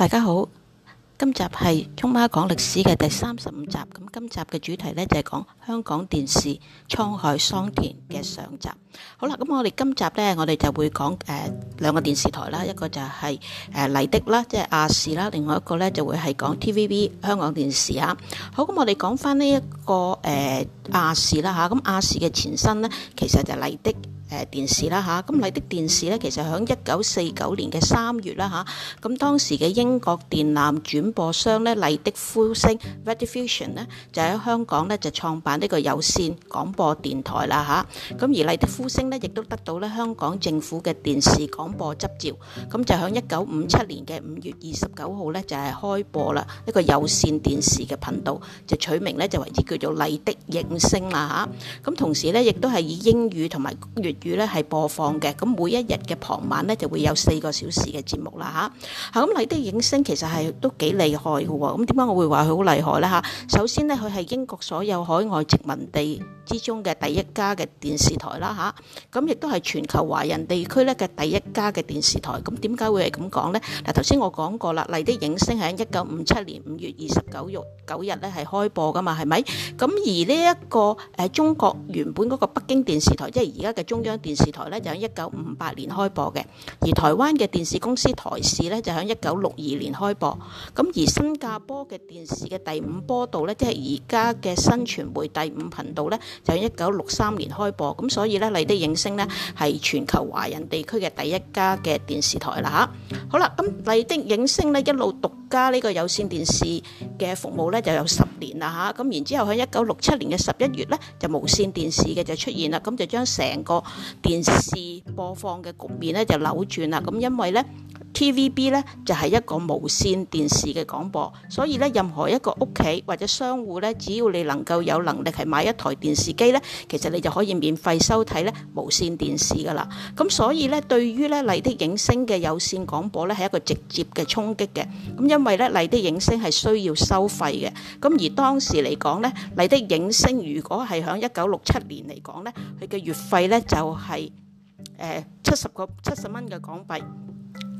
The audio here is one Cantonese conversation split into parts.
大家好，今集係聰媽講歷史嘅第三十五集，咁今集嘅主題呢，就係講香港電視滄海桑田嘅上集。好啦，咁我哋今集呢，我哋就會講誒兩個電視台啦，一個就係誒麗的啦，即係亞視啦，另外一個呢，就會係講 TVB 香港電視啊。好，咁我哋講翻呢一個誒亞視啦吓，咁亞視嘅前身呢，其實就係麗的。誒電視啦嚇，咁麗的電視呢，其實喺一九四九年嘅三月啦嚇，咁當時嘅英國電纜轉播商呢，麗的呼聲 Rediffusion 咧就喺香港呢就創辦呢個有線廣播電台啦嚇，咁而麗的呼聲呢，亦都得到呢香港政府嘅電視廣播執照，咁就喺一九五七年嘅五月二十九號呢，就係開播啦，呢個有線電視嘅頻道，就取名呢，就為之叫做麗的影聲啦嚇，咁同時呢，亦都係以英語同埋粵語咧係播放嘅，咁每一日嘅傍晚咧就會有四個小時嘅節目啦吓，嚇、啊、咁、啊、麗的映聲其實係都幾厲害嘅喎、哦，咁點解我會話佢好厲害咧吓？啊，首先呢，佢係英國所有海外殖民地之中嘅第一家嘅電視台啦吓，咁亦都係全球華人地區咧嘅第一家嘅電視台。咁點解會係咁講咧？嗱頭先我講過啦，麗的映聲喺一九五七年五月二十九日九日咧係開播㗎嘛，係咪？咁、啊、而呢、這、一個誒、呃、中國原本嗰個北京電視台，即係而家嘅中央。香港電視台咧就喺一九五八年開播嘅，而台灣嘅電視公司台視咧就喺一九六二年開播。咁而新加坡嘅電視嘅第五波道咧，即係而家嘅新傳媒第五頻道咧，就喺一九六三年開播。咁所以咧麗的映聲咧係全球華人地區嘅第一家嘅電視台啦嚇。好啦，咁麗的映聲咧一路獨家呢個有線電視嘅服務咧就有十年啦嚇。咁然之後喺一九六七年嘅十一月咧就無線電視嘅就出現啦，咁就將成個。電視播放嘅局面咧就扭轉啦，咁因為咧。TVB 咧就係一個無線電視嘅廣播，所以咧任何一個屋企或者商戶咧，只要你能夠有能力係買一台電視機咧，其實你就可以免費收睇咧無線電視㗎喇。咁所以咧，對於咧麗的映聲嘅有線廣播咧係一個直接嘅衝擊嘅。咁因為咧麗的映聲係需要收費嘅。咁而當時嚟講咧，麗的映聲如果係喺一九六七年嚟講咧，佢嘅月費咧就係誒七十個七十蚊嘅港幣。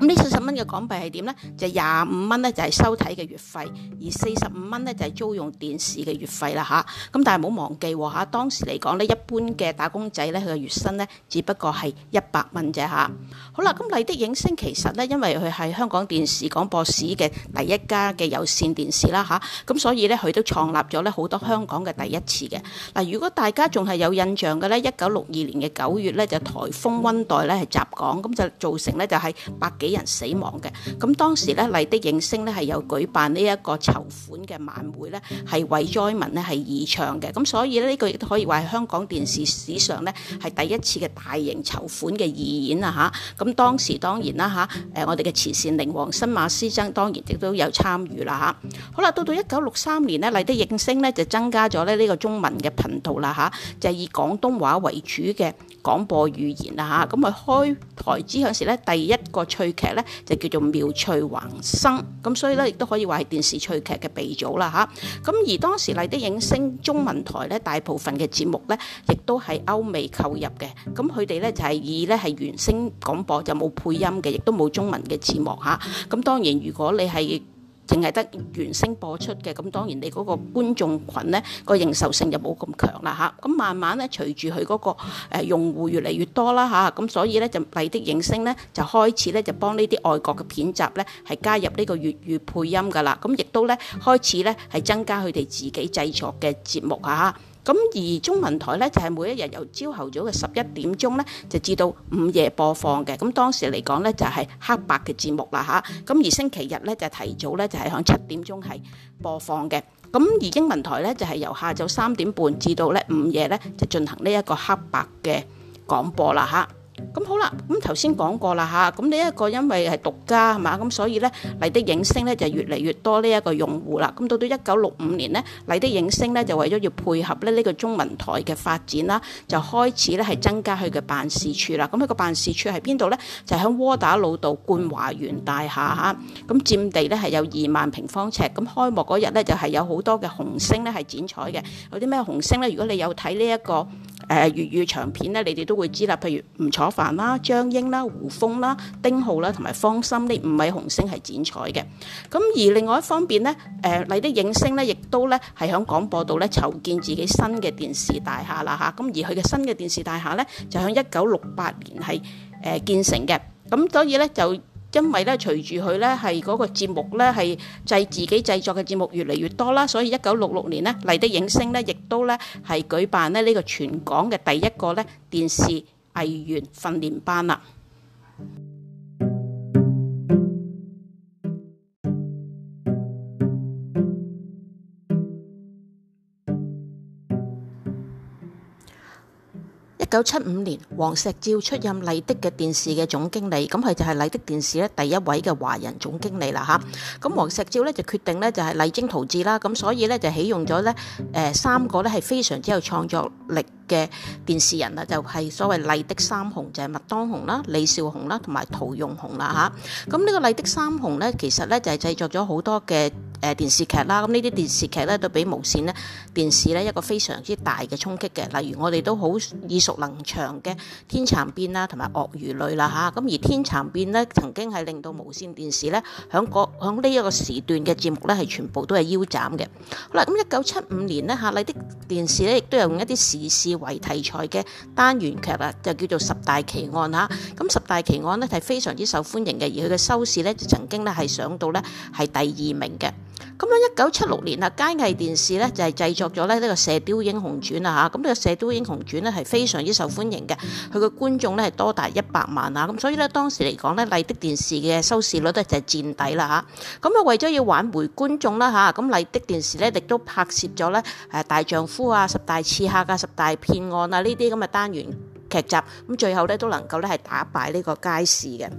咁呢四十蚊嘅港幣係點呢？就廿五蚊呢，就係收睇嘅月費，而四十五蚊呢，就係租用電視嘅月費啦吓，咁但係唔好忘記喎吓，當時嚟講呢，一般嘅打工仔呢，佢嘅月薪呢，只不過係一百蚊啫吓，好啦，咁麗的映聲其實呢，因為佢係香港電視廣播史嘅第一家嘅有線電視啦吓，咁所以呢，佢都創立咗呢好多香港嘅第一次嘅。嗱，如果大家仲係有印象嘅呢，一九六二年嘅九月呢，就颱風溫黛呢，係襲港，咁就造成呢，就係百幾俾人死亡嘅，咁當時咧麗的映聲呢係有舉辦呢一個籌款嘅晚會呢係為災民呢係義唱嘅，咁所以呢，呢個亦都可以話係香港電視史上呢係第一次嘅大型籌款嘅義演啊嚇！咁當時當然啦吓，誒、啊、我哋嘅慈善靈王新馬師曾當然亦都有參與啦吓，啊，好啦，到到一九六三年呢，麗的映聲呢就增加咗咧呢個中文嘅頻道啦吓，就係以廣東話為主嘅廣播語言啦吓，咁啊開台之嗰時呢，第一個趣劇咧就叫做妙趣橫生，咁所以咧亦都可以話係電視趣劇嘅鼻祖啦嚇。咁、啊、而當時麗的影星中文台咧，大部分嘅節目咧，亦都係歐美購入嘅。咁佢哋咧就係、是、以咧係原聲廣播，就冇配音嘅，亦都冇中文嘅字幕嚇。咁、啊、當然如果你係淨係得原聲播出嘅，咁當然你嗰個觀眾群呢、呢個認受性就冇咁強啦嚇。咁慢慢咧隨住佢嗰個、呃、用戶越嚟越多啦嚇，咁、啊、所以呢，就麗的映聲呢，就開始呢，就幫呢啲外國嘅片集呢，係加入呢個粵語配音㗎啦。咁亦都呢，開始呢，係增加佢哋自己製作嘅節目嚇。啊咁而中文台咧就係每一日由朝頭早嘅十一點鐘咧，就至到午夜播放嘅。咁當時嚟講咧就係黑白嘅節目啦嚇。咁而星期日咧就提早咧就係響七點鐘係播放嘅。咁而英文台咧就係由下晝三點半至到咧午夜咧就進行呢一個黑白嘅廣播啦嚇。咁好啦，咁頭先講過啦吓，咁呢一個因為係獨家係嘛，咁所以咧麗的影星咧就越嚟越多呢一個用戶啦。咁到到一九六五年咧，麗的影星咧就為咗要配合咧呢個中文台嘅發展啦，就開始咧係增加佢嘅辦事處啦。咁佢個辦事處喺邊度咧？就喺窩打老道冠華園大廈嚇。咁佔地咧係有二萬平方尺。咁開幕嗰日咧就係有好多嘅紅星咧係剪彩嘅。有啲咩紅星咧？如果你有睇呢一個。誒粵語長片咧，你哋都會知啦，譬如吳楚帆啦、張瑛啦、胡楓啦、丁浩啦同埋方心呢五位紅星係剪彩嘅。咁而另外一方面呢，誒麗的影星呢，亦都咧係喺廣播道咧籌建自己新嘅電視大廈啦嚇。咁而佢嘅新嘅電視大廈呢，就喺一九六八年係誒建成嘅。咁所以呢，就。因為咧，隨住佢咧係嗰個節目咧係製自己製作嘅節目越嚟越多啦，所以一九六六年咧，麗的映聲呢，亦都咧係舉辦咧呢呢個全港嘅第一個咧電視藝員訓練班啦。一九七五年，黃石照出任麗的電視嘅總經理，咁係就係麗的電視第一位嘅華人總經理啦。咁黃石照就決定咧就係勵精圖治啦，咁所以就啟用咗、呃、三個咧係非常之有創作力。嘅電視人啦，就係所謂麗的三雄，就係麥當雄啦、李少雄啦同埋屠用雄啦嚇。咁呢個麗的三雄呢，其實呢就係製作咗好多嘅誒電視劇啦。咁呢啲電視劇呢，都俾無線呢電視呢，一個非常之大嘅衝擊嘅。例如我哋都好耳熟能詳嘅《天蠶變》啦，同埋《鱷魚淚》啦嚇。咁而《天蠶變》呢，曾經係令到無線電視呢，響個響呢一個時段嘅節目呢，係全部都係腰斬嘅。好啦，咁一九七五年呢，嚇麗的電視呢，亦都有用一啲時事，為題材嘅單元劇啦，就叫做《十大奇案》哈。咁《十大奇案》呢係非常之受歡迎嘅，而佢嘅收視呢就曾經呢係上到呢係第二名嘅。咁喺一九七六年啊，佳藝電視咧就係、是、製作咗咧呢個《射雕英雄傳》啦吓，咁、這、呢個《射雕英雄傳》咧係非常之受歡迎嘅，佢嘅觀眾咧係多達一百萬啊，咁所以咧當時嚟講咧麗的電視嘅收視率咧就係墊底啦吓，咁啊為咗要挽回觀眾啦吓，咁麗的電視咧亦都拍攝咗咧誒大丈夫啊、十大刺客啊、十大騙案啊呢啲咁嘅單元劇集，咁最後咧都能夠咧係打敗呢個佳視嘅。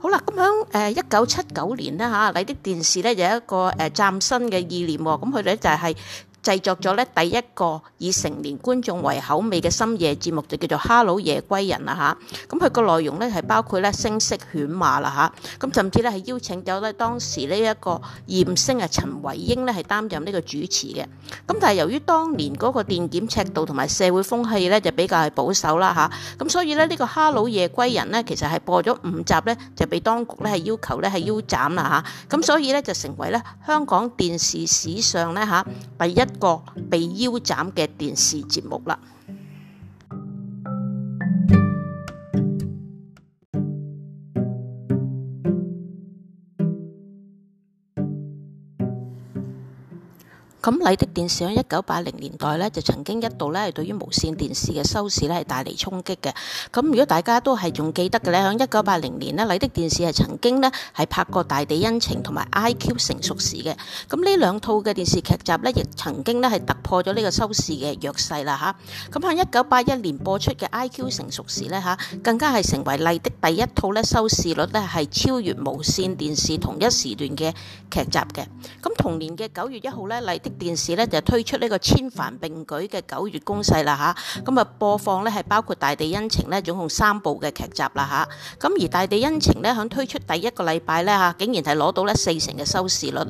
好啦，咁響誒一九七九年啦。吓，你的電視咧有一個誒嶄、呃、新嘅意念喎、哦，咁佢哋咧就係、是。製作咗咧第一個以成年觀眾為口味嘅深夜節目，就叫做《哈囉夜歸人》啦嚇。咁佢個內容咧係包括咧聲色犬馬啦嚇。咁甚至咧係邀請咗咧當時呢一個豔星啊陳偉英咧係擔任呢個主持嘅。咁但係由於當年嗰個電檢尺度同埋社會風氣咧就比較係保守啦嚇。咁所以咧、這、呢個《哈囉夜歸人》咧其實係播咗五集咧就俾當局咧係要求咧係腰斬啦嚇。咁所以咧就成為咧香港電視史上咧嚇第一。個被腰斬嘅電視節目啦。咁麗的電視喺一九八零年代呢，就曾經一度呢，係對於無線電視嘅收視呢，係帶嚟衝擊嘅。咁如果大家都係仲記得嘅呢，喺一九八零年呢，麗的電視係曾經呢，係拍過《大地恩情》同埋《IQ 成熟時》嘅。咁呢兩套嘅電視劇集呢，亦曾經呢，係突破咗呢個收視嘅弱勢啦吓，咁喺一九八一年播出嘅《IQ 成熟時》呢，吓，更加係成為麗的第一套呢，收視率呢，係超越無線電視同一時段嘅劇集嘅。咁同年嘅九月一號呢，麗。電視咧就推出呢個千帆並舉嘅九月攻勢啦嚇，咁啊、嗯、播放咧係包括《大地恩情》咧，總共三部嘅劇集啦嚇。咁、啊、而《大地恩情》咧響推出第一個禮拜咧嚇，竟然係攞到咧四成嘅收視率啦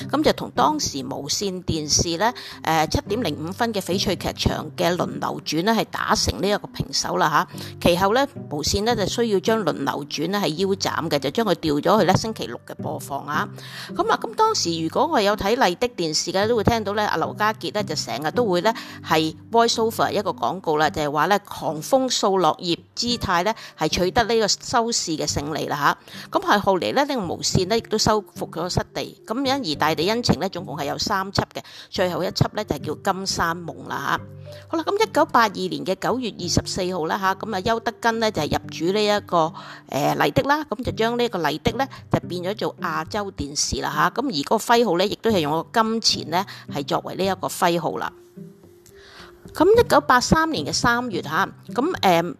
嚇。咁、啊嗯、就同當時無線電視咧誒七點零五分嘅翡翠劇場嘅《輪流轉》呢係打成呢一個平手啦嚇、啊。其後咧無線呢就需要將《輪流轉》呢係腰斬嘅，就將佢調咗去咧星期六嘅播放啊。咁、嗯、啊咁、嗯、當時如果我有睇麗的電視嘅都。聽到咧，阿劉家傑咧就成日都會咧係 voiceover 一個廣告啦，就係話咧狂風掃落葉姿態咧係取得呢個收視嘅勝利啦吓。咁係後嚟咧呢個無線呢，亦都收復咗失地。咁因而大地恩情咧總共係有三輯嘅，最後一輯咧就係叫《金山夢》啦吓。好啦，咁一九八二年嘅九月二十四號啦吓，咁啊邱德根呢、這個呃，就係入主呢一個誒麗的啦，咁就將呢個麗的咧就變咗做亞洲電視啦吓。咁而個徽號咧亦都係用個金錢咧。係作為呢一個徽號啦。咁一九八三年嘅三月嚇，咁誒。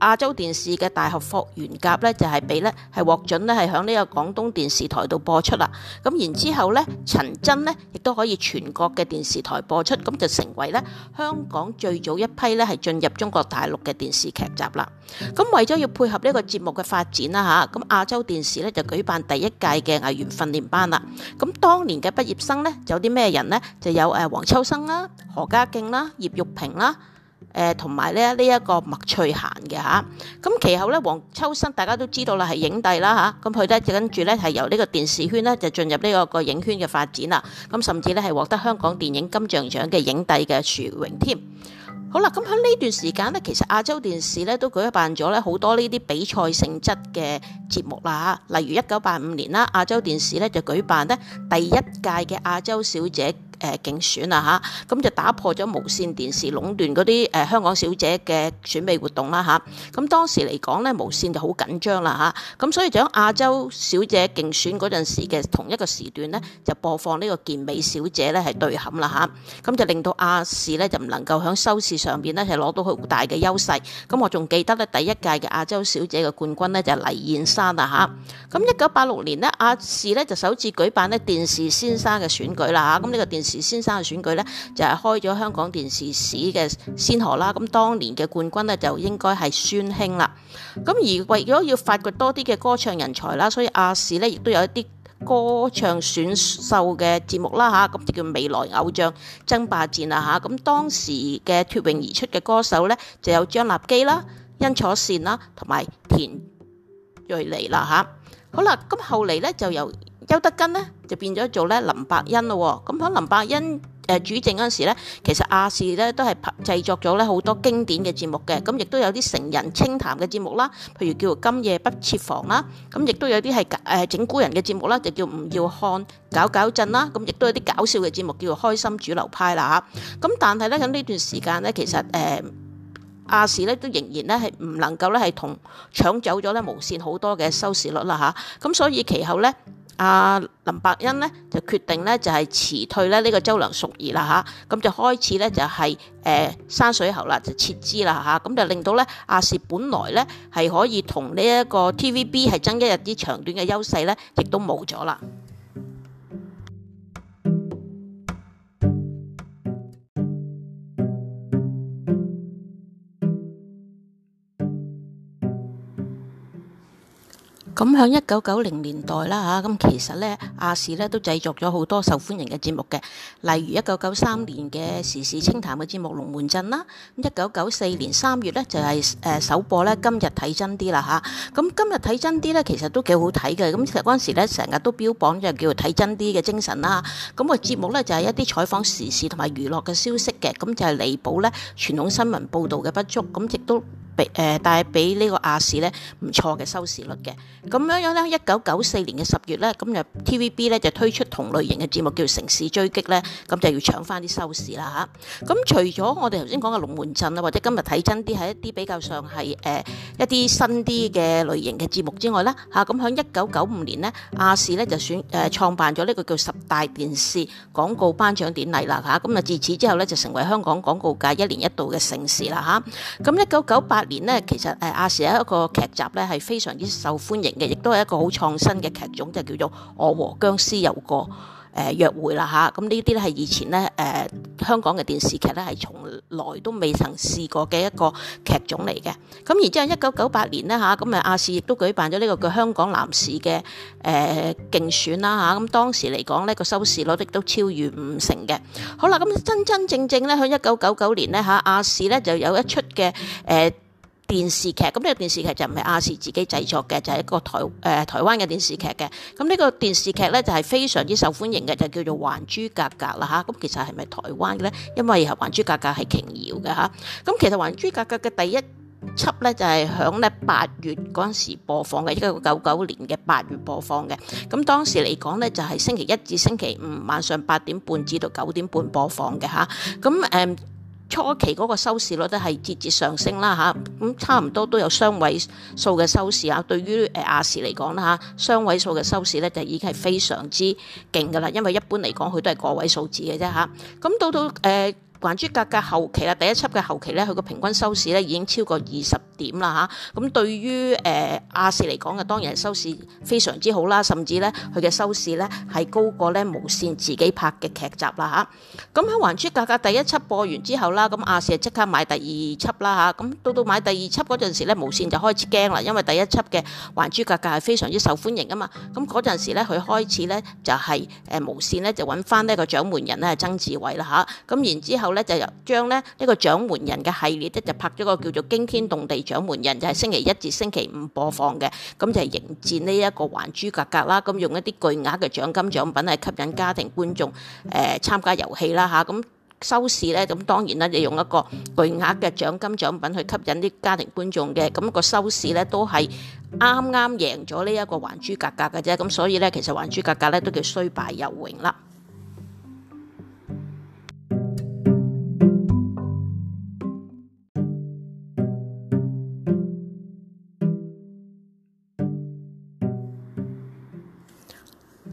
亞洲電視嘅大俠霍元甲咧就係俾咧係獲准，咧係喺呢個廣東電視台度播出啦，咁然之後咧陳真咧亦都可以全國嘅電視台播出，咁就成為咧香港最早一批咧係進入中國大陸嘅電視劇集啦。咁為咗要配合呢個節目嘅發展啦嚇，咁亞洲電視咧就舉辦第一屆嘅藝員訓練班啦。咁當年嘅畢業生咧有啲咩人呢？就有誒黃秋生啦、何家勁啦、葉玉平啦。誒同埋咧呢一個麥翠嫻嘅嚇，咁其後咧黃秋生大家都知道啦，係影帝啦嚇，咁佢咧就跟住咧係由呢個電視圈咧就進入呢個個影圈嘅發展啊，咁甚至咧係獲得香港電影金像獎嘅影帝嘅殊榮添。好啦，咁喺呢段時間呢，其實亞洲電視咧都舉辦咗咧好多呢啲比賽性質嘅節目啦嚇，例如一九八五年啦，亞洲電視咧就舉辦咧第一屆嘅亞洲小姐。誒、呃、競選啊吓，咁就打破咗無線電視壟斷嗰啲誒香港小姐嘅選美活動啦吓，咁當時嚟講呢，無線就好緊張啦吓，咁所以就喺亞洲小姐競選嗰陣時嘅同一個時段呢，就播放呢個健美小姐呢係對冚啦吓，咁就令到亞視呢，就唔能夠喺收視上邊呢，係攞到好大嘅優勢。咁我仲記得呢，第一屆嘅亞洲小姐嘅冠軍呢，就係黎燕珊啊吓，咁一九八六年呢，亞視呢，就首次舉辦呢電視先生嘅選舉啦吓，咁呢個電時先生嘅選舉咧，就係開咗香港電視史嘅先河啦。咁當年嘅冠軍咧，就應該係孫興啦。咁而為咗要發掘多啲嘅歌唱人才啦，所以亞視咧亦都有一啲歌唱選秀嘅節目啦吓，咁就叫未來偶像爭霸戰啦吓。咁當時嘅脫穎而出嘅歌手咧，就有張立基啦、殷楚善啦，同埋田瑞妮啦吓。好啦，咁後嚟咧就由邱德根呢，就變咗做咧林百欣咯喎，咁喺林百欣誒、呃、主政嗰陣時咧，其實亞視咧都係拍製作咗咧好多經典嘅節目嘅，咁亦都有啲成人清談嘅節目啦，譬如叫做《今夜不設防》啦，咁亦都有啲係誒整蠱人嘅節目啦，就叫唔要看搞搞震啦，咁亦都有啲搞笑嘅節目叫做《開心主流派》啦嚇，咁但係咧喺呢段時間咧，其實誒亞視咧都仍然咧係唔能夠咧係同搶走咗咧無線好多嘅收視率啦嚇，咁所以其後咧。亞、啊、林百欣咧就決定咧就係、是、辭退咧呢、這個周梁淑怡啦嚇，咁、啊、就開始咧就係、是、誒、呃、山水喉啦，就撤資啦嚇，咁、啊、就令到咧亞視本來咧係可以同呢一個 TVB 係爭一日啲長短嘅優勢咧，亦都冇咗啦。咁喺一九九零年代啦嚇，咁其實咧亞視咧都製作咗好多受歡迎嘅節目嘅，例如一九九三年嘅時事清談嘅節目《龍門陣》啦，咁一九九四年三月咧就係誒首播咧《今日睇真啲》啦嚇，咁《今日睇真啲》咧其實都幾好睇嘅，咁其實嗰陣時咧成日都標榜就叫做睇真啲嘅精神啦，咁、那個節目咧就係、是、一啲採訪時事同埋娛樂嘅消息嘅，咁就係彌補咧傳統新聞報導嘅不足，咁亦都俾誒帶俾呢個亞視呢唔錯嘅收視率嘅，咁樣樣呢，一九九四年嘅十月呢，咁就 TVB 呢就推出同類型嘅節目叫做《城市追擊》呢。咁就要搶翻啲收視啦吓，咁、啊嗯、除咗我哋頭先講嘅《龍門陣》啦，或者今日睇真啲係一啲比較上係誒、呃、一啲新啲嘅類型嘅節目之外啦，吓、啊，咁喺一九九五年呢，亞視呢就選誒、呃、創辦咗呢個叫十大電視廣告頒獎典禮啦吓，咁啊，啊、嗯、自此之後呢，就成為香港廣告界一年一度嘅盛事啦吓，咁、啊嗯、一九九八年咧，其實誒亞視一個劇集咧係非常之受歡迎嘅，亦都係一個好創新嘅劇種，就叫做《我和殭屍有個誒約會》啦嚇。咁呢啲咧係以前咧誒香港嘅電視劇咧係從來都未曾試過嘅一個劇種嚟嘅。咁然之後，一九九八年咧嚇，咁誒亞視亦都舉辦咗呢個叫香港男士嘅誒競選啦嚇。咁當時嚟講呢個收視率亦都超越五成嘅。好啦，咁真真正正咧喺一九九九年咧嚇，亞視咧就有一出嘅誒。呃電視劇。咁呢個電視劇就唔係亞視自己製作嘅，就係、是、一個台誒、呃、台灣嘅電視劇嘅。咁呢個電視劇呢，就係、是、非常之受歡迎嘅，就叫做《還珠格格》啦吓，咁、啊啊、其實係咪台灣嘅呢？因為《還珠格格》係瓊瑤嘅吓，咁、啊啊、其實《還珠格格》嘅第一輯呢，就係響呢八月嗰陣時播放嘅，一九九九年嘅八月播放嘅。咁、啊、當時嚟講呢，就係、是、星期一至星期五晚上八點半至到九點半播放嘅吓，咁、啊、誒。啊初期嗰個收視率都係節節上升啦吓，咁差唔多都有雙位數嘅收視啊。對於誒亞視嚟講啦嚇，雙位數嘅收視咧就已經係非常之勁噶啦，因為一般嚟講佢都係個位數字嘅啫吓，咁到到誒、呃、還珠格格嘅後期啦，第一輯嘅後期咧，佢個平均收視咧已經超過二十。點啦嚇，咁對於誒亞視嚟講嘅，當然收視非常之好啦，甚至咧佢嘅收視咧係高過咧無線自己拍嘅劇集啦嚇。咁喺《還珠格格》第一輯播完之後啦，咁亞視即刻買第二輯啦嚇。咁到到買第二輯嗰陣時咧，無線就開始驚啦，因為第一輯嘅《還珠格格》係非常之受歡迎㗎嘛。咁嗰陣時咧，佢開始咧就係誒無線咧就揾翻呢個掌門人咧，係曾志偉啦嚇。咁然之後咧就又將咧呢個掌門人嘅系列咧就拍咗個叫做《驚天動地》。掌門人就係星期一至星期五播放嘅，咁就係迎戰呢一個還珠格格啦，咁用一啲巨額嘅獎金獎品去吸引家庭觀眾誒參加遊戲啦吓，咁收視呢，咁當然啦，你用一個巨額嘅獎金獎品去吸引啲家庭觀眾嘅，咁個收視呢，都係啱啱贏咗呢一個還珠格格嘅啫，咁所以呢，其實還珠格格呢，都叫雖敗猶榮啦。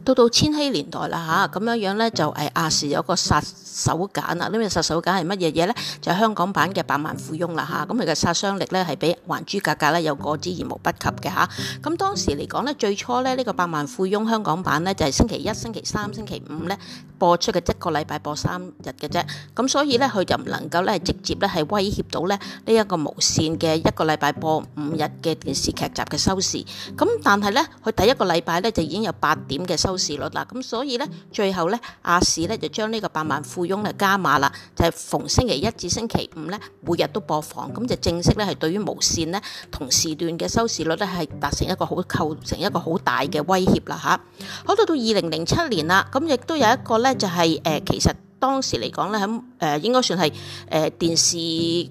到到千禧年代啦吓，咁樣樣咧就誒亞視有個殺手鐧啊。呢個殺手鐧係乜嘢嘢咧？就係香港版嘅《百萬富翁》啦吓，咁佢嘅殺傷力咧係比《還珠格格》咧有過之而無不及嘅吓，咁當時嚟講咧，最初咧呢個《百萬富翁》香港版咧就係星期一、星期三、星期五咧播出嘅，一個禮拜播三日嘅啫。咁所以咧佢就唔能夠咧直接咧係威脅到咧呢一個無線嘅一個禮拜播五日嘅電視劇集嘅收視。咁但係咧佢第一個禮拜咧就已經有八點嘅收收視率啦，咁所以咧，最後咧，亞視咧就將呢個百萬富翁咧加碼啦，就係、是、逢星期一至星期五咧，每日都播放，咁就正式咧係對於無線咧同時段嘅收視率咧係達成一個好構成一個好大嘅威脅啦吓。好到到二零零七年啦，咁亦都有一個咧就係、是、誒、呃，其實當時嚟講咧喺誒應該算係誒、呃、電視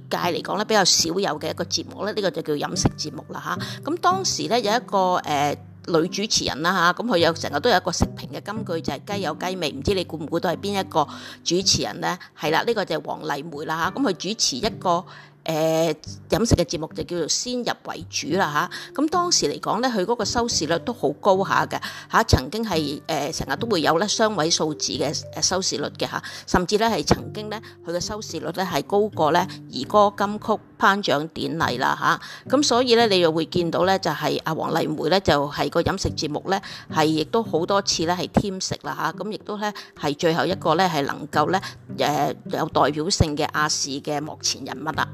界嚟講咧比較少有嘅一個節目咧，呢、這個就叫飲食節目啦吓。咁、啊、當時咧有一個誒。呃女主持人啦吓，咁佢有成日都有一個食評嘅金句就係、是、雞有雞味，唔知你估唔估到係邊一個主持人呢？係啦，呢、這個就係黃麗梅啦吓，咁佢主持一個誒、呃、飲食嘅節目就叫做先入為主啦吓，咁、啊、當時嚟講呢，佢嗰個收視率都好高下嘅吓，曾經係誒成日都會有咧雙位數字嘅誒收視率嘅吓，甚至咧係曾經咧佢嘅收視率咧係高過咧兒歌金曲。頒獎典禮啦吓，咁、啊、所以咧，你又會見到咧，就係阿黃麗梅咧，就係、是、個飲食節目咧，係亦都好多次咧，係添食啦吓，咁、啊、亦都咧係最後一個咧，係能夠咧誒、呃、有代表性嘅亞視嘅幕前人物啦。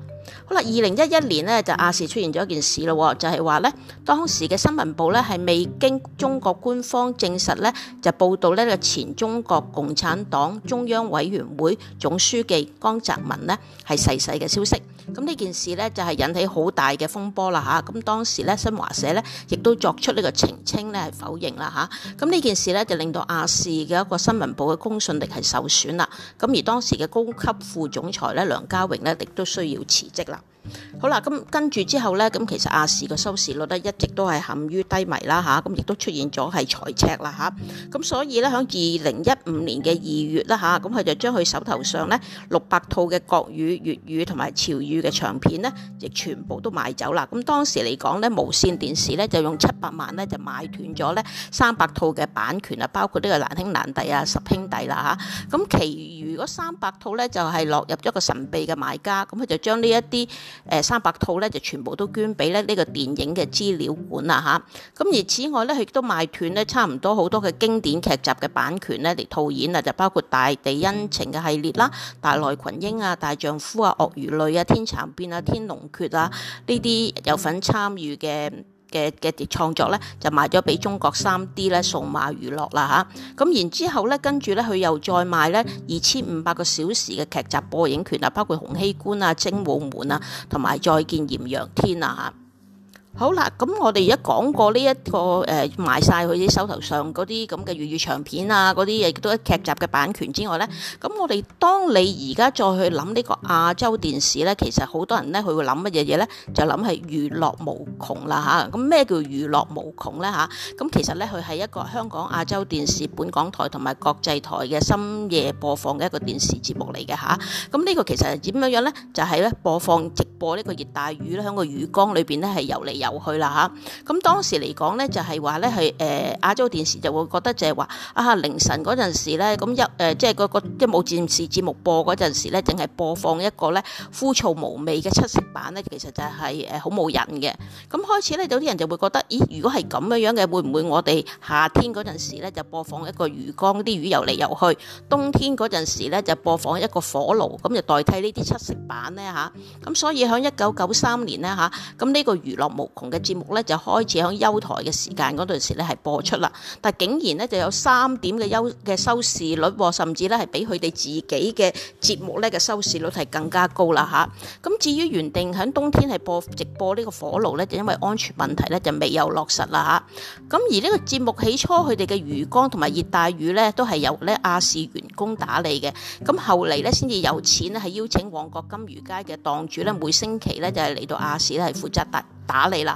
好啦，二零一一年呢，就亞視出現咗一件事咯，就係話咧當時嘅新聞部咧係未經中國官方證實咧，就報道呢個前中國共產黨中央委員會總書記江澤民呢，係逝世嘅消息。咁呢件事咧就係引起好大嘅風波啦嚇。咁當時咧新華社咧亦都作出呢個澄清咧係否認啦嚇。咁呢件事咧就令到亞視嘅一個新聞部嘅公信力係受損啦。咁而當時嘅高級副總裁咧梁家榮咧亦都需要辭職啦。好啦，咁跟住之後咧，咁其實亞視嘅收視率咧一直都係陷於低迷啦吓，咁亦都出現咗係財赤啦吓，咁所以咧喺二零一五年嘅二月啦吓，咁佢就將佢手頭上咧六百套嘅國語、粵語同埋潮語嘅長片咧，亦全部都賣走啦。咁當時嚟講咧，無線電視咧就用七百萬咧就買斷咗咧三百套嘅版權啊，包括呢個《難兄難弟》啊，《十兄弟》啦吓，咁其餘嗰三百套咧就係落入一個神秘嘅買家，咁佢就將呢一啲，誒三百套咧就全部都捐俾咧呢個電影嘅資料館啦嚇，咁而此外咧亦都賣斷咧差唔多好多嘅經典劇集嘅版權咧嚟套現啊，就包括大地恩情嘅系列啦、大內群英啊、大丈夫啊、鱷魚淚啊、天蠶變啊、天龍訣啊呢啲有份參與嘅。嘅嘅啲創作咧就賣咗俾中國三 D 咧數碼娛樂啦嚇，咁、啊、然之後咧跟住咧佢又再賣咧二千五百個小時嘅劇集播映權啊，包括《洪熙官》啊、《精武門》啊同埋《再見炎陽天》啊嚇。好啦，咁我哋而家講過呢、這、一個誒賣晒佢啲手頭上嗰啲咁嘅粵語長片啊，嗰啲亦都係劇集嘅版權之外呢。咁我哋當你而家再去諗呢個亞洲電視呢，其實好多人呢，佢會諗乜嘢嘢呢？就諗係娛樂無窮啦吓，咁、啊、咩叫娛樂無窮呢？吓、啊，咁其實呢，佢係一個香港亞洲電視本港台同埋國際台嘅深夜播放嘅一個電視節目嚟嘅吓，咁、啊、呢個其實點樣樣呢？就係、是、呢，播放直播呢個熱帶魚咧喺個魚缸裏邊呢，係遊嚟遊。游去啦嚇。咁、嗯、當時嚟講咧，就係話咧係誒亞洲電視就會覺得就係話啊凌晨嗰陣時咧，咁一誒、呃、即係、嗰個個即冇電視節目播嗰陣時咧，淨係播放一個咧枯燥無味嘅七色版咧，其實就係誒好冇癮嘅。咁、呃嗯、開始咧有啲人就會覺得咦，如果係咁樣樣嘅，會唔會我哋夏天嗰陣時咧就播放一個魚缸啲魚游嚟游去，冬天嗰陣時咧就播放一個火爐咁就代替呢啲七色版咧吓，咁、啊嗯、所以喺一九九三年咧吓，咁、啊、呢個娛樂模窮嘅節目咧就開始喺優台嘅時間嗰段時咧係播出啦，但竟然呢，就有三點嘅優嘅收視率，甚至咧係比佢哋自己嘅節目咧嘅收視率係更加高啦吓，咁至於原定喺冬天係播直播呢個火爐咧，就因為安全問題咧就未有落實啦嚇。咁而呢個節目起初佢哋嘅魚缸同埋熱帶魚咧都係由咧亞視員工打理嘅，咁後嚟咧先至有錢咧係邀請旺角金魚街嘅檔主咧每星期咧就係嚟到亞視咧係負責。打理啦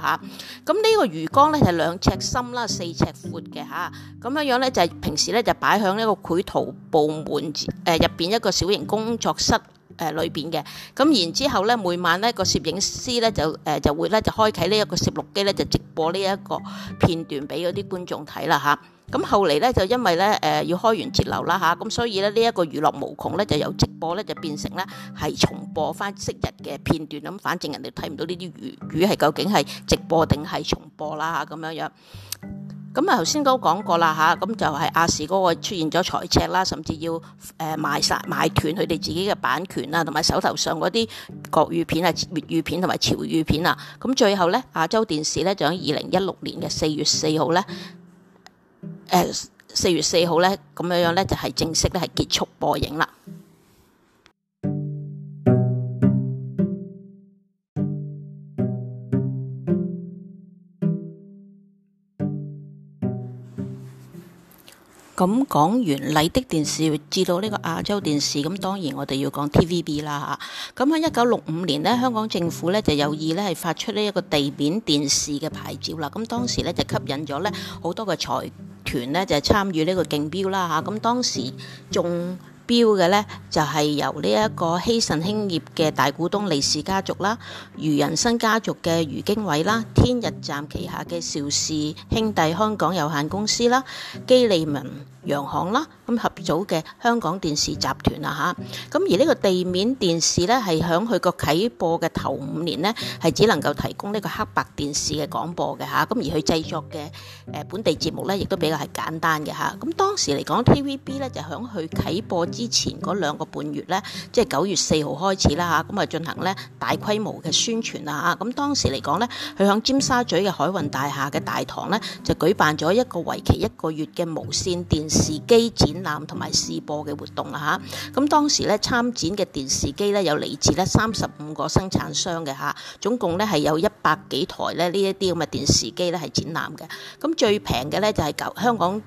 嚇，咁呢個魚缸咧係兩尺深啦，四尺闊嘅嚇，咁樣呢，咧就係、平時咧就擺喺呢個繪圖部門誒入面一個小型工作室。誒裏邊嘅，咁、呃、然之後咧，每晚咧個攝影師咧就誒、呃、就會咧就開啟呢一個攝錄機咧就直播呢一個片段俾嗰啲觀眾睇啦吓，咁、啊、後嚟咧就因為咧誒、呃、要開完節流啦吓，咁、啊、所以咧呢一、這個娛樂無窮咧就由直播咧就變成咧係重播翻昔日嘅片段咁，反正人哋睇唔到呢啲魚魚係究竟係直播定係重播啦吓，咁、啊、樣樣。咁、嗯、啊，頭先都講過啦吓，咁就係亞視嗰個出現咗財赤啦，甚至要誒賣曬賣斷佢哋自己嘅版權啦，同埋手頭上嗰啲國語片啊、粵語片同埋潮語片啊，咁最後呢，亞洲電視呢，就喺二零一六年嘅四月四號呢，誒、呃、四月四號呢，咁樣樣呢，就係、是、正式咧係結束播映啦。咁講完麗的電視，至到呢個亞洲電視，咁當然我哋要講 TVB 啦嚇。咁喺一九六五年呢，香港政府呢就有意呢係發出呢一個地面電視嘅牌照啦。咁當時呢，就吸引咗呢好多嘅財團呢，就參與呢個競標啦嚇。咁當時仲標嘅呢就係、是、由呢一個希慎興業嘅大股東利氏家族啦，余仁生家族嘅余經緯啦，天日站旗下嘅邵氏兄弟香港有限公司啦，基利文洋行啦，咁合組嘅香港電視集團啊吓，咁而呢個地面電視呢，係喺佢個啟播嘅頭五年呢，係只能夠提供呢個黑白電視嘅廣播嘅吓，咁、啊、而佢製作嘅本地節目呢，亦都比較係簡單嘅吓，咁、啊、當時嚟講，TVB 呢就喺佢啟播。之前嗰兩個半月咧，即係九月四號開始啦嚇，咁啊進行咧大規模嘅宣傳啦嚇。咁當時嚟講咧，佢響尖沙咀嘅海運大廈嘅大堂咧，就舉辦咗一個為期一個月嘅無線電視機展覽同埋試播嘅活動啦嚇。咁當時咧參展嘅電視機咧，有嚟自咧三十五個生產商嘅嚇，總共咧係有一百幾台咧呢一啲咁嘅電視機咧係展覽嘅。咁最平嘅咧就係舊香港，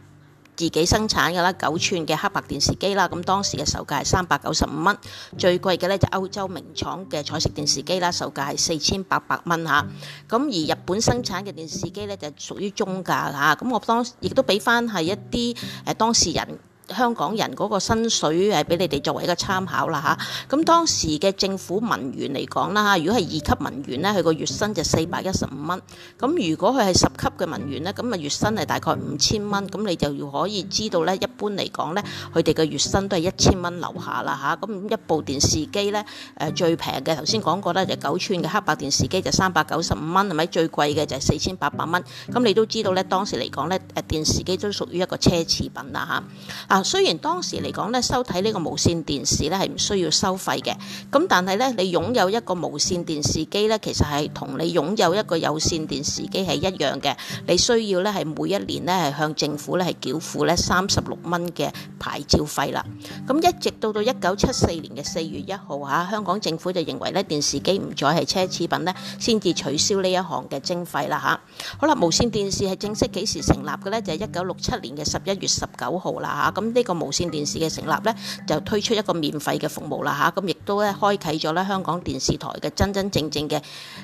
自己生產嘅啦，九吋嘅黑白電視機啦，咁當時嘅售價係三百九十五蚊，最貴嘅咧就歐洲名廠嘅彩色電視機啦，售價係四千八百蚊嚇。咁而日本生產嘅電視機咧就屬於中價嚇。咁我當亦都俾翻係一啲誒、啊、當事人。香港人嗰個薪水係俾你哋作為一個參考啦嚇，咁當時嘅政府文員嚟講啦嚇，如果係二級文員呢，佢個月薪就四百一十五蚊；咁如果佢係十級嘅文員呢，咁啊月薪係大概五千蚊。咁你就要可以知道呢，一般嚟講呢，佢哋嘅月薪都係一千蚊樓下啦嚇。咁一部電視機呢，誒最平嘅頭先講過啦，就九寸嘅黑白電視機就三百九十五蚊，係咪？最貴嘅就係四千八百蚊。咁你都知道呢，當時嚟講呢，電視機都屬於一個奢侈品啦嚇。啊，雖然當時嚟講咧收睇呢個無線電視咧係唔需要收費嘅，咁但係咧你擁有一個無線電視機咧，其實係同你擁有一個有線電視機係一樣嘅，你需要咧係每一年咧係向政府咧係繳付咧三十六蚊嘅牌照費啦。咁一直，直到到一九七四年嘅四月一號嚇，香港政府就認為咧電視機唔再係奢侈品咧，先至取消呢一行嘅徵費啦嚇。好啦，無線電視係正式幾時成立嘅咧？就係一九六七年嘅十一月十九號啦嚇，咁。呢個無線電視嘅成立呢，就推出一個免費嘅服務啦嚇，咁亦都咧開啓咗咧香港電視台嘅真真正正嘅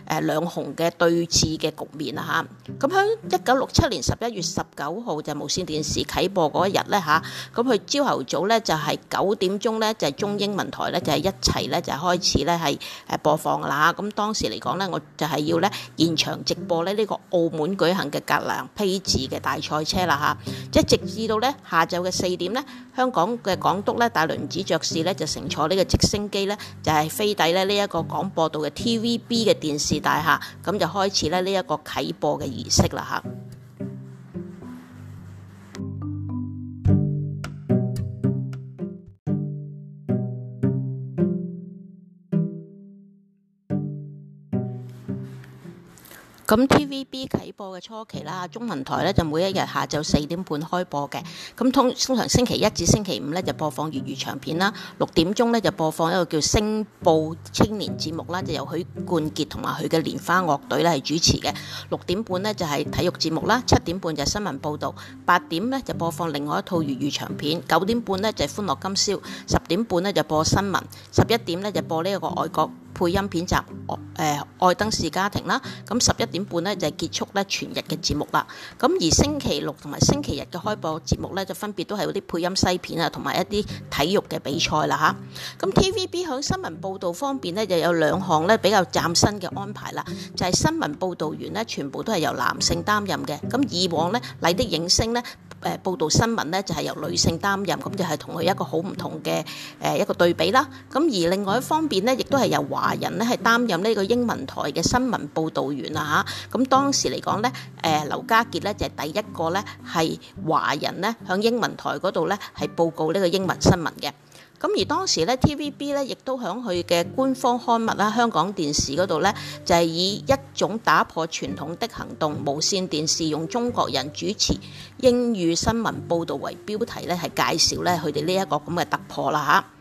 誒兩雄嘅對峙嘅局面啦嚇。咁喺一九六七年十一月十九號就無線電視啟播嗰一日呢。嚇、啊，咁佢朝頭早呢，就係九點鐘呢，就係中英文台呢，就係一齊呢，就開始呢，係誒播放啦嚇。咁、啊、當時嚟講呢，我就係要呢現場直播呢，呢個澳門舉行嘅格蘭披治嘅大賽車啦嚇、啊，即係直至到呢下晝嘅四點。香港嘅港督咧戴麟趾爵士咧就乘坐呢個直升機咧就係飛抵咧呢一個廣播道嘅 TVB 嘅電視大廈，咁就開始咧呢一個啟播嘅儀式啦吓。咁 TVB 啟播嘅初期啦，中文台咧就每一日下晝四點半開播嘅。咁通通常星期一至星期五咧就播放粵語長片啦，六點鐘咧就播放一個叫《星報青年節目》啦，就由許冠傑同埋佢嘅蓮花樂隊咧係主持嘅。六點半咧就係、是、體育節目啦，七點半就係新聞報導，八點咧就播放另外一套粵語長片，九點半咧就係、是《歡樂今宵》，十點半咧就播新聞，十一點咧就播呢個愛國配音片集愛、呃《愛》誒《愛登士家庭》啦，咁十一點半咧就係、是、結束咧全日嘅節目啦。咁而星期六同埋星期日嘅開播節目咧，就分別都係嗰啲配音西片啊，同埋一啲體育嘅比賽啦吓，咁 TVB 響新聞報道方面咧，就有兩項咧比較嶄新嘅安排啦，就係、是、新聞報道員咧全部都係由男性擔任嘅。咁以往咧麗的影星咧誒、呃、報道新聞咧就係、是、由女性擔任，咁就係同佢一個好唔同嘅誒、呃、一個對比啦。咁而另外一方面咧，亦都係由華人呢係擔任呢個英文台嘅新聞報導員啦嚇，咁當時嚟講呢，誒劉家傑呢就係第一個呢係華人呢響英文台嗰度呢係報告呢個英文新聞嘅。咁而當時呢 TVB 呢亦都響佢嘅官方刊物啦、香港電視嗰度呢，就係、是、以一種打破傳統的行動，無線電視用中國人主持英語新聞報導為標題呢係介紹呢佢哋呢一個咁嘅突破啦嚇。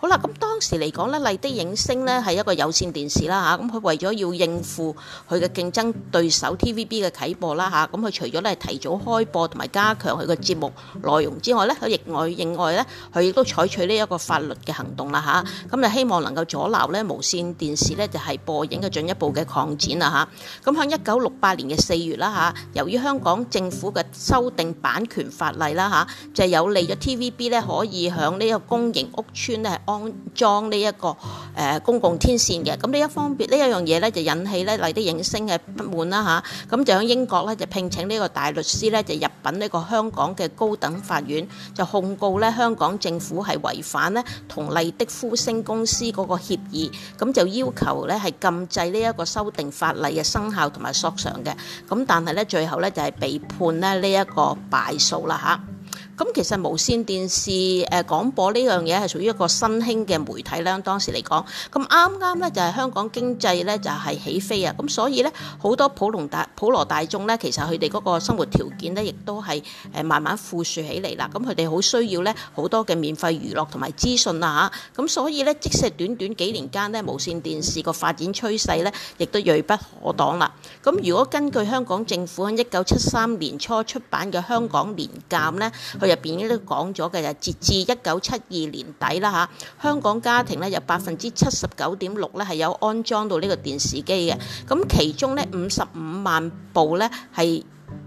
好啦，咁當時嚟講咧，麗的影星咧係一個有線電視啦吓，咁、啊、佢為咗要應付佢嘅競爭對手 TVB 嘅啟播啦吓，咁、啊、佢、啊、除咗咧提早開播同埋加強佢嘅節目內容之外咧，佢亦外另外咧，佢亦都採取呢一個法律嘅行動啦吓，咁、啊、就、啊、希望能夠阻撓咧無線電視咧就係播映嘅進一步嘅擴展啦吓，咁喺一九六八年嘅四月啦吓、啊，由於香港政府嘅修訂版權法例啦吓、啊，就係、有利咗 TVB 咧可以響呢個公營屋邨，咧，安裝呢一個誒公共天線嘅。咁呢一方面呢一樣嘢咧就引起咧麗的映聲嘅不滿啦吓，咁就喺英國咧就聘請呢個大律師咧就入禀呢個香港嘅高等法院，就控告咧香港政府係違反咧同麗的呼聲公司嗰個協議，咁就要求咧係禁制呢一個修訂法例嘅生效同埋索償嘅。咁但係咧最後咧就係被判咧呢一個敗訴啦吓。咁其實無線電視誒廣、呃、播呢樣嘢係屬於一個新興嘅媒體咧，當時嚟講，咁啱啱咧就係、是、香港經濟咧就係、是、起飛啊，咁所以咧好多普羅大普羅大眾咧，其實佢哋嗰個生活條件咧，亦都係誒、呃、慢慢富庶起嚟啦，咁佢哋好需要咧好多嘅免費娛樂同埋資訊啊嚇，咁所以咧，即使短短幾年間咧，無線電視個發展趨勢咧，亦都銳不可擋啦。咁如果根據香港政府喺一九七三年初出版嘅《香港年鑑》咧，入邊都講咗嘅就截至一九七二年底啦嚇，香港家庭咧有百分之七十九點六咧係有安裝到呢個電視機嘅，咁其中咧五十五萬部咧係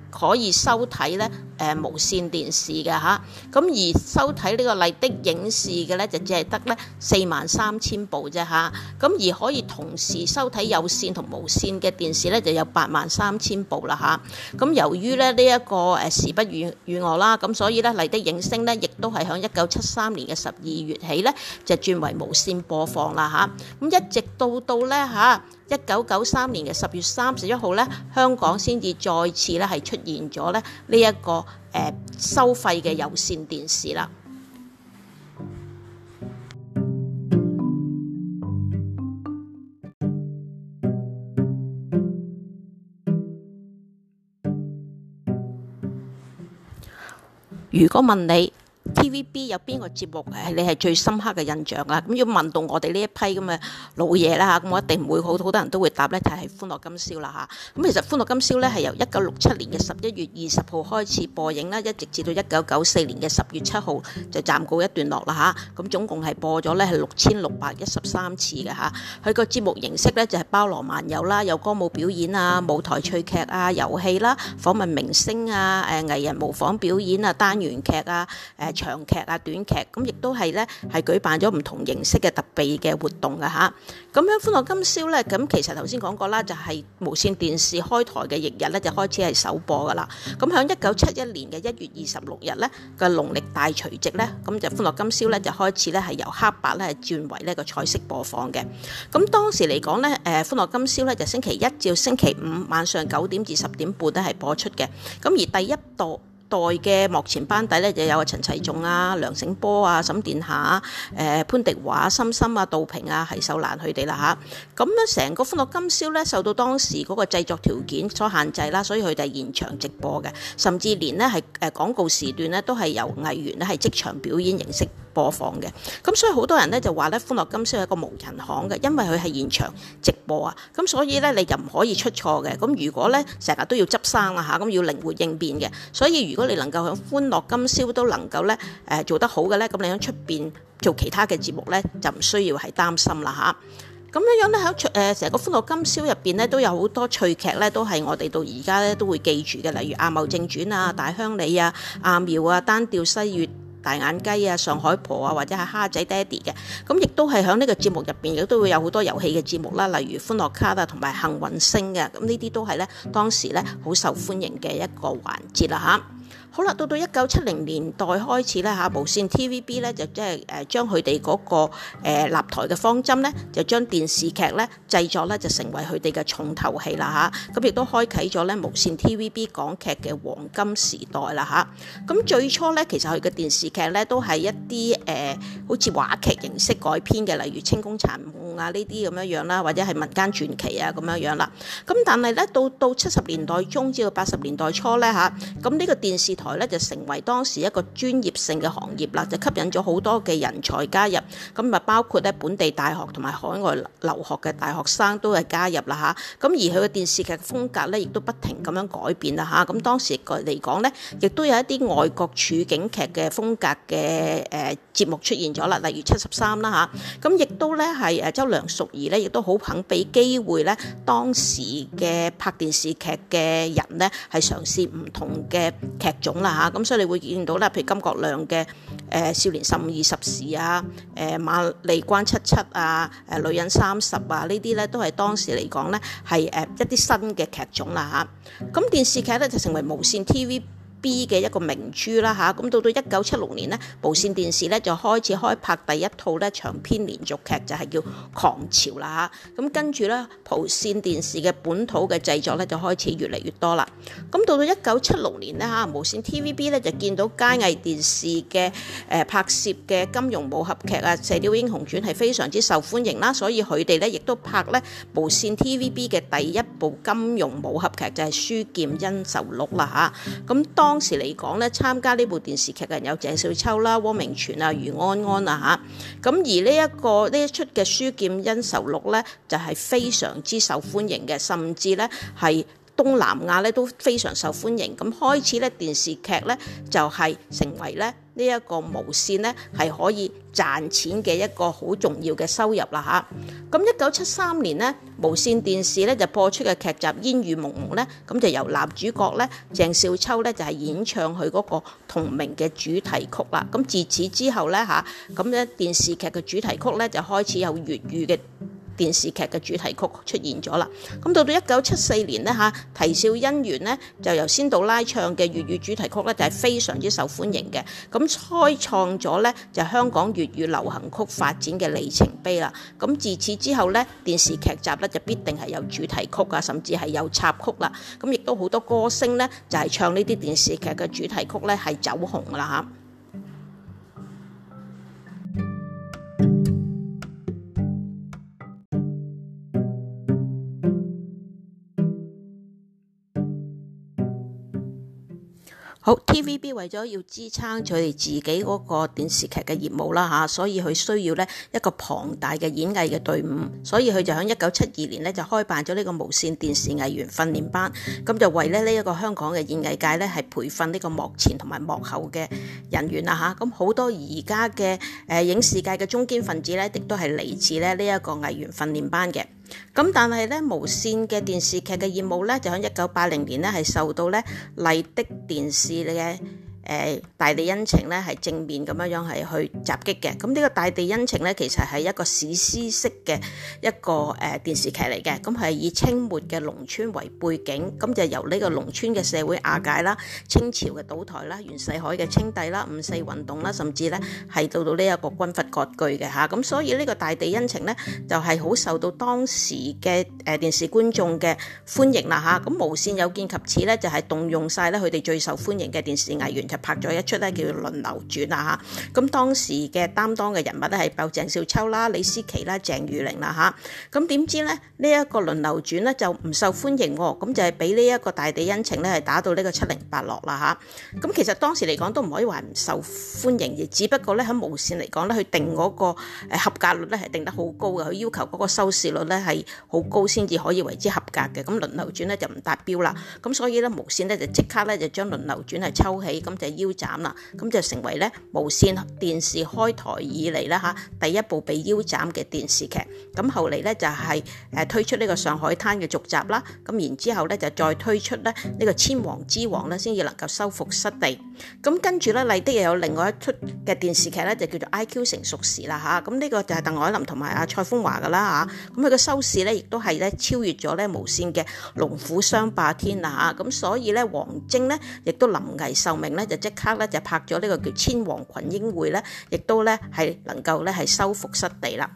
可以收睇咧。誒無線電視嘅嚇，咁而收睇呢個麗的影視嘅咧，就只係得咧四萬三千部啫嚇，咁而可以同時收睇有線同無線嘅電視咧，就有八萬三千部啦嚇。咁由於咧呢一個誒時不與與我啦，咁所以咧麗的影星咧，亦都係響一九七三年嘅十二月起咧，就轉為無線播放啦嚇。咁一直，直到到咧嚇一九九三年嘅十月三十一號咧，香港先至再次咧係出現咗咧呢一個。誒收費嘅有線電視啦。如果問你，TVB 有邊個節目係你係最深刻嘅印象啊？咁要問到我哋呢一批咁嘅老嘢啦嚇，咁我一定唔會好好多人都會答咧，就係《歡樂今宵》啦吓，咁其實《歡樂今宵》咧係由一九六七年嘅十一月二十號開始播映啦，一直至到一九九四年嘅十月七號就暫告一段落啦吓，咁總共係播咗咧係六千六百一十三次嘅吓，佢個節目形式咧就係包羅萬有啦，有歌舞表演啊、舞台趣劇啊、遊戲啦、訪問明星啊、誒藝人模仿表演啊、單元劇啊、誒、呃。長劇啊、短劇咁亦都係咧，係舉辦咗唔同形式嘅特別嘅活動㗎吓，咁喺《歡樂今宵》咧，咁其實頭先講過啦，就係無線電視開台嘅翌日咧，就開始係首播噶啦。咁響一九七一年嘅一月二十六日咧嘅農曆大除夕咧，咁就《歡樂今宵》咧就開始咧係由黑白咧轉為呢個彩色播放嘅。咁當時嚟講咧，誒《歡樂今宵》咧就星期一至星期五晚上九點至十點半咧係播出嘅。咁而第一度。代嘅幕前班底咧就有陳齊仲啊、梁醒波啊、沈殿霞、啊、誒、呃、潘迪華、心心啊、杜平啊、譚秀蘭佢哋啦吓，咁咧成個歡樂今宵咧受到當時嗰個製作條件所限制啦，所以佢哋係現場直播嘅，甚至連呢係誒、呃、廣告時段呢，都係由藝員呢係即場表演形式。播放嘅，咁所以好多人咧就話咧《歡樂今宵》係一個無人行嘅，因為佢係現場直播啊，咁所以咧你又唔可以出錯嘅。咁如果咧成日都要執生啊嚇，咁要靈活應變嘅。所以如果你能夠喺《歡樂今宵》都能夠咧誒、呃、做得好嘅咧，咁你喺出邊做其他嘅節目咧就唔需要係擔心啦吓，咁樣樣咧喺誒成個《歡樂今宵》入邊咧都有好多趣劇咧，都係我哋到而家咧都會記住嘅，例如《阿茂正傳》啊，《大鄉里》啊，《阿妙》啊，《單調西月》。大眼雞啊、上海婆啊，或者係蝦仔爹哋嘅，咁亦都係喺呢個節目入面，亦都會有好多遊戲嘅節目啦，例如歡樂卡啊，同埋幸運星嘅，咁呢啲都係咧當時咧好受歡迎嘅一個環節啦嚇。好啦，到到一九七零年代開始咧嚇，無線 TVB 咧就即係誒將佢哋嗰個誒立台嘅方針咧，就將電視劇咧製作咧就成為佢哋嘅重頭戲啦嚇。咁亦都開啟咗咧無線 TVB 港劇嘅黃金時代啦嚇。咁最初咧其實佢嘅電視劇咧都係一啲誒、呃、好似話劇形式改編嘅，例如《清宮殘夢》啊呢啲咁樣樣啦，或者係《民間傳奇》啊咁樣樣啦。咁但係咧到到七十年代中至到八十年代初咧嚇，咁、這、呢個電視，台咧就成為當時一個專業性嘅行業啦，就吸引咗好多嘅人才加入，咁啊包括咧本地大學同埋海外留學嘅大學生都係加入啦吓，咁而佢嘅電視劇風格咧，亦都不停咁樣改變啦吓，咁當時個嚟講咧，亦都有一啲外國處境劇嘅風格嘅誒節目出現咗啦，例如七十三啦吓，咁亦都咧係誒周梁淑怡咧，亦都好肯俾機會咧當時嘅拍電視劇嘅人咧，係嘗試唔同嘅劇種。啦嚇，咁、嗯、所以你會見到咧，譬如甘國亮嘅《誒、呃、少年十五二十時》啊，呃《誒瑪麗關七七》啊，呃《誒女人三十啊、呃》啊，呢啲咧都係當時嚟講咧係誒一啲新嘅劇種啦嚇。咁電視劇咧就成為無線 TV。B 嘅一個明珠啦吓，咁到到一九七六年咧，無綫電視咧就開始開拍第一套咧長篇連續劇就係叫《狂潮》啦吓，咁跟住咧，無綫電視嘅本土嘅製作咧就開始越嚟越多啦。咁到到一九七六年咧吓，無綫 TVB 咧就見到佳藝電視嘅誒、呃、拍攝嘅金庸武俠劇啊，《射雕英雄傳》係非常之受歡迎啦，所以佢哋咧亦都拍咧無綫 TVB 嘅第一部金庸武俠劇就係書劍恩仇錄啦吓，咁當。當時嚟講咧，參加呢部電視劇嘅人有鄭少秋啦、汪明荃啊、余安安啊嚇。咁而呢一個呢一出嘅《書劍恩仇錄》咧，就係非常之受歡迎嘅，甚至咧係東南亞咧都非常受歡迎。咁開始咧電視劇咧就係成為咧。呢一個無線呢，係可以賺錢嘅一個好重要嘅收入啦吓，咁一九七三年呢，無線電視咧就播出嘅劇集《煙雨濛濛》咧，咁就由男主角咧鄭少秋咧就係演唱佢嗰個同名嘅主題曲啦。咁自此之後咧吓，咁咧電視劇嘅主題曲咧就開始有粵語嘅。電視劇嘅主題曲出現咗啦，咁到到一九七四年呢，嚇，《啼笑姻緣》呢就由仙杜拉唱嘅粵語主題曲咧就係非常之受歡迎嘅，咁開創咗咧就香港粵語流行曲發展嘅里程碑啦，咁自此之後咧電視劇集咧就必定係有主題曲啊，甚至係有插曲啦，咁亦都好多歌星咧就係唱呢啲電視劇嘅主題曲咧係走紅啦嚇。好，TVB 為咗要支撐佢哋自己嗰個電視劇嘅業務啦吓，所以佢需要咧一個龐大嘅演藝嘅隊伍，所以佢就喺一九七二年咧就開辦咗呢個無綫電視藝員訓練班，咁就為咧呢一個香港嘅演藝界咧係培訓呢個幕前同埋幕後嘅人員啦吓，咁好多而家嘅誒影視界嘅中堅分子咧，亦都係嚟自咧呢一個藝員訓練班嘅。咁但係咧無線嘅電視劇嘅業務咧，就喺一九八零年咧係受到咧麗的電視嘅。誒、欸、大地恩情咧係正面咁樣樣係去襲擊嘅，咁呢個大地恩情咧其實係一個史詩式嘅一個誒、呃、電視劇嚟嘅，咁係以清末嘅農村為背景，咁就由呢個農村嘅社會瓦解啦、清朝嘅倒台啦、袁世凱嘅稱帝啦、五四運動啦，甚至咧係到到呢一個軍閥割據嘅吓，咁所以呢個大地恩情咧就係、是、好受到當時嘅誒、呃、電視觀眾嘅歡迎啦吓，咁無線有見及此咧就係、是、動用晒咧佢哋最受歡迎嘅電視藝員。就拍咗一出咧，叫《輪流傳》啦嚇。咁當時嘅擔當嘅人物咧，係包括鄭少秋啦、李司棋啦、鄭裕玲啦嚇。咁點知咧，呢一個《輪流傳》咧就唔受歡迎喎。咁就係俾呢一個大地恩情咧，係打到呢個七零八落啦嚇。咁其實當時嚟講都唔可以話唔受歡迎，而只不過咧喺無線嚟講咧，佢定嗰個合格率咧係定得好高嘅，佢要求嗰個收視率咧係好高先至可以為之合格嘅。咁《輪流傳》咧就唔達標啦。咁所以咧無線咧就即刻咧就將《輪流傳》係抽起咁。就腰斬啦，咁就成為咧無線電視開台以嚟咧嚇第一部被腰斬嘅電視劇。咁後嚟咧就係、是、誒推出呢個《上海灘》嘅續集啦。咁然之後咧就再推出咧呢個《千王之王》咧，先至能夠收復失地。咁跟住咧，麗的又有另外一出嘅電視劇咧，就叫做《I.Q. 成熟時》啦嚇。咁呢個就係鄧海林同埋阿蔡楓華噶啦嚇。咁佢嘅收視咧亦都係咧超越咗咧無線嘅《龍虎雙霸天》啊嚇。咁所以咧黃霑咧亦都臨危受命咧。就即刻咧，就拍咗呢個叫《千王群英會》咧，亦都咧係能夠咧係收復失地啦。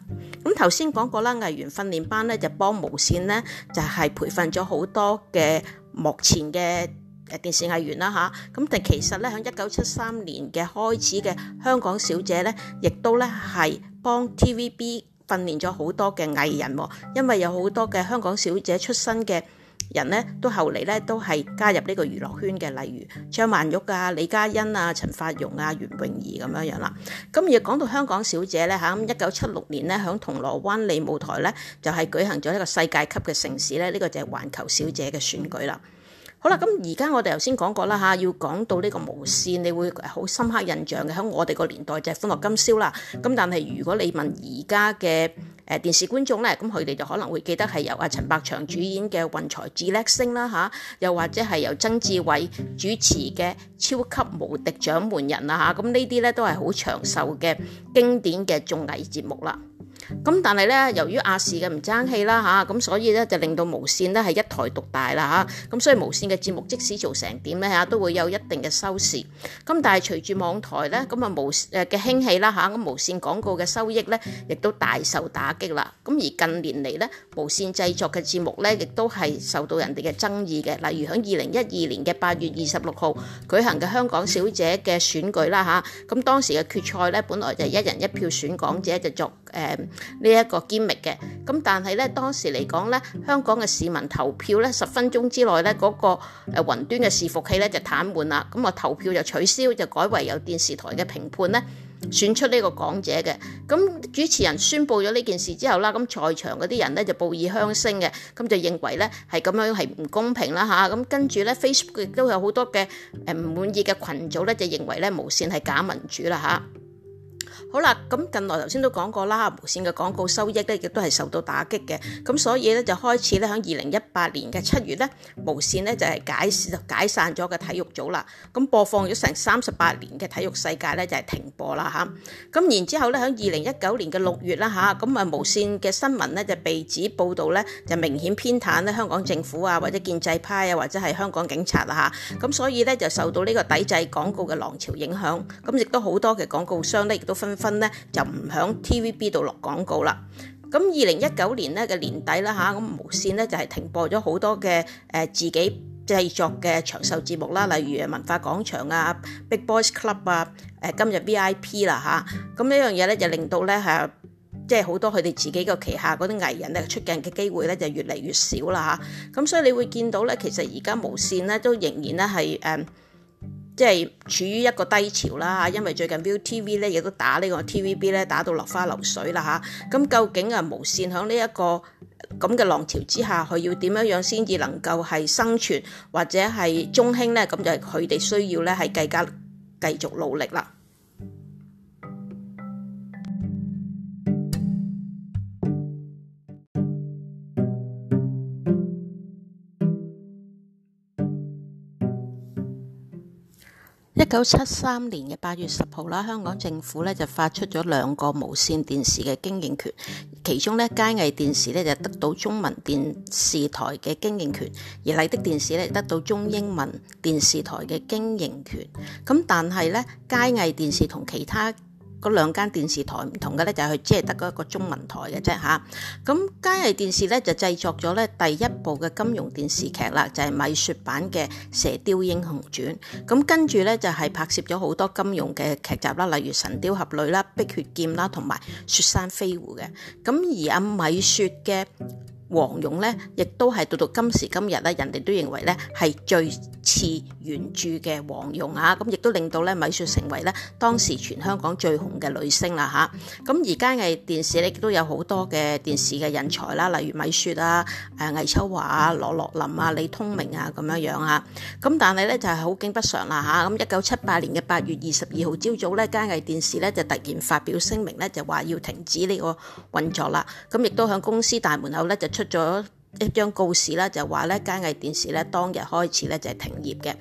咁頭先講過啦，藝員訓練班咧就幫無線咧就係培訓咗好多嘅目前嘅誒電視藝員啦吓，咁但其實咧，喺一九七三年嘅開始嘅《香港小姐》咧，亦都咧係幫 TVB 訓練咗好多嘅藝人喎，因為有好多嘅香港小姐出身嘅。人咧都後嚟咧都係加入呢個娛樂圈嘅，例如張曼玉啊、李嘉欣啊、陳法蓉啊、袁詠儀咁樣樣啦。咁而講到香港小姐咧嚇，咁一九七六年咧喺銅鑼灣利舞台咧就係、是、舉行咗一個世界級嘅盛事咧，呢、這個就係環球小姐嘅選舉啦。好啦，咁而家我哋頭先講過啦吓，要講到呢個無綫，你會好深刻印象嘅。喺我哋個年代就係歡樂今宵啦。咁但係如果你問而家嘅誒電視觀眾咧，咁佢哋就可能會記得係由阿陳百祥主演嘅《運財智叻星》啦吓，又或者係由曾志偉主持嘅《超級無敵掌門人》啦吓。咁呢啲咧都係好長壽嘅經典嘅綜藝節目啦。咁但係咧，由於亞視嘅唔爭氣啦嚇，咁所以咧就令到無線咧係一台獨大啦嚇。咁所以無線嘅節目即使做成點咧嚇，都會有一定嘅收視。咁但係隨住網台咧咁啊無誒嘅興起啦嚇，咁無線廣告嘅收益咧亦都大受打擊啦。咁而近年嚟咧無線製作嘅節目咧，亦都係受到人哋嘅爭議嘅，例如喺二零一二年嘅八月二十六號舉行嘅香港小姐嘅選舉啦嚇。咁當時嘅決賽咧，本來就係一人一票選港姐嘅作。誒、呃這個、呢一個 gimmick 嘅，咁但係咧當時嚟講咧，香港嘅市民投票咧，十分鐘之內咧嗰個誒雲、呃、端嘅伺服器咧就癱瘓啦，咁啊投票就取消，就改為由電視台嘅評判咧選出呢個講者嘅。咁主持人宣布咗呢件事之後啦，咁在場嗰啲人咧就報以噓聲嘅，咁就認為咧係咁樣係唔公平啦吓，咁、啊啊、跟住咧 Facebook 亦都有好多嘅誒唔滿意嘅群組咧，就認為咧無線係假民主啦吓。啊好啦，咁近來頭先都講過啦，無線嘅廣告收益咧亦都係受到打擊嘅，咁所以咧就開始咧喺二零一八年嘅七月咧，無線咧就係解，解散解散咗嘅體育組啦，咁播放咗成三十八年嘅體育世界咧就係停播啦吓，咁然之後咧喺二零一九年嘅六月啦吓，咁啊無線嘅新聞咧就被指報道咧就明顯偏袒咧香港政府啊或者建制派啊或者係香港警察啦吓，咁所以咧就受到呢個抵制廣告嘅浪潮影響，咁亦都好多嘅廣告商咧亦都紛紛。咧就唔喺 TVB 度落廣告啦。咁二零一九年咧嘅年底啦嚇，咁無線咧就係停播咗好多嘅誒自己製作嘅長壽節目啦，例如文化廣場啊、Big Boys Club 啊、誒今日 VIP 啦嚇。咁呢樣嘢咧就令到咧係即係好多佢哋自己嘅旗下嗰啲藝人咧出鏡嘅機會咧就越嚟越少啦嚇。咁所以你會見到咧，其實而家無線咧都仍然咧係誒。即係處於一個低潮啦，因為最近 ViuTV 咧亦都打呢個 TVB 咧打到落花流水啦。咁究竟啊無線響呢一個咁嘅浪潮之下，佢要點樣樣先至能夠係生存或者係中興咧？咁就係佢哋需要咧係繼加繼續努力啦。一九七三年嘅八月十號啦，香港政府咧就發出咗兩個無綫電視嘅經營權，其中咧佳藝電視咧就得到中文電視台嘅經營權，而麗的電視咧得到中英文電視台嘅經營權。咁但係咧佳藝電視同其他嗰兩間電視台唔同嘅咧，就係、是、佢只係得嗰一個中文台嘅啫吓，咁、啊、佳藝電視咧就製作咗咧第一部嘅金庸電視劇啦，就係、是、米雪版嘅《射雕英雄傳》。咁跟住咧就係、是、拍攝咗好多金庸嘅劇集啦，例如《神雕俠侶》啦、《碧血劍》啦同埋《雪山飛狐》嘅。咁而阿、啊、米雪嘅黃蓉呢，亦都係到到今時今日啊，人哋都認為咧係最似原著嘅黃蓉嚇，咁亦都令到咧米雪成為咧當時全香港最紅嘅女星啦嚇。咁而佳藝電視咧亦都有好多嘅電視嘅人才啦，例如米雪啊、誒魏秋華啊、羅樂林啊、李通明啊咁樣樣嚇。咁但係咧就係好景不常啦嚇，咁一九七八年嘅八月二十二號朝早咧，佳藝電視咧就突然發表聲明咧，就話要停止呢個運作啦。咁亦都喺公司大門口咧就。出咗。一張告示咧就話咧佳藝電視咧當日開始咧就係停業嘅。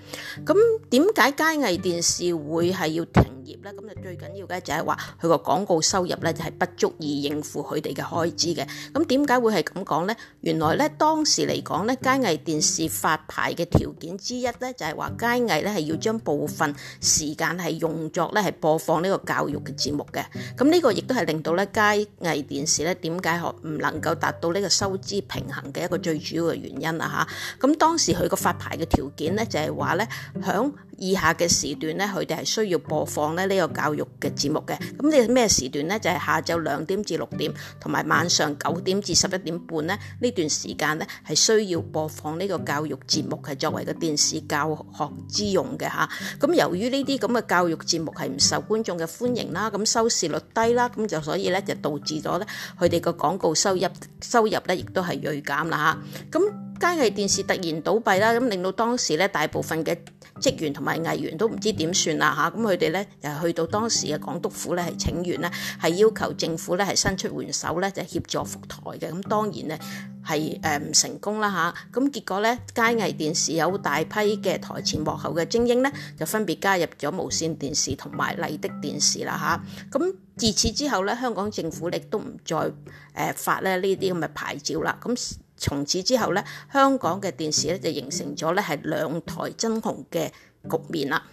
咁點解佳藝電視會係要停業咧？咁就最緊要嘅就係話佢個廣告收入咧就係不足以應付佢哋嘅開支嘅。咁點解會係咁講呢？原來咧當時嚟講咧佳藝電視發牌嘅條件之一咧就係話佳藝咧係要將部分時間係用作咧係播放呢個教育嘅節目嘅。咁呢個亦都係令到咧佳藝電視咧點解唔能夠達到呢個收支平衡嘅，一個最主要嘅原因啦嚇，咁當時佢個發牌嘅條件咧就係話咧，響以下嘅時段咧，佢哋係需要播放咧呢個教育嘅節目嘅。咁呢咩時段咧，就係下晝兩點至六點，同埋晚上九點至十一點半咧呢段時間咧係需要播放呢個教育節目，係作為個電視教學之用嘅嚇。咁由於呢啲咁嘅教育節目係唔受觀眾嘅歡迎啦，咁收視率低啦，咁就所以咧就導致咗咧佢哋個廣告收入收入咧亦都係銳減。啦咁佳藝電視突然倒閉啦，咁令到當時咧大部分嘅職員同埋藝員都唔知點算啦嚇，咁佢哋咧又去到當時嘅港督府咧係請願咧，係要求政府咧係伸出援手咧就協助復台嘅，咁當然咧係誒唔成功啦嚇，咁、啊、結果咧佳藝電視有大批嘅台前幕後嘅精英咧就分別加入咗無綫電視同埋麗的電視啦嚇，咁、啊、自此之後咧香港政府亦都唔再誒、呃、發咧呢啲咁嘅牌照啦，咁、啊。從此之後咧，香港嘅電視咧就形成咗咧係兩台爭雄嘅局面啦。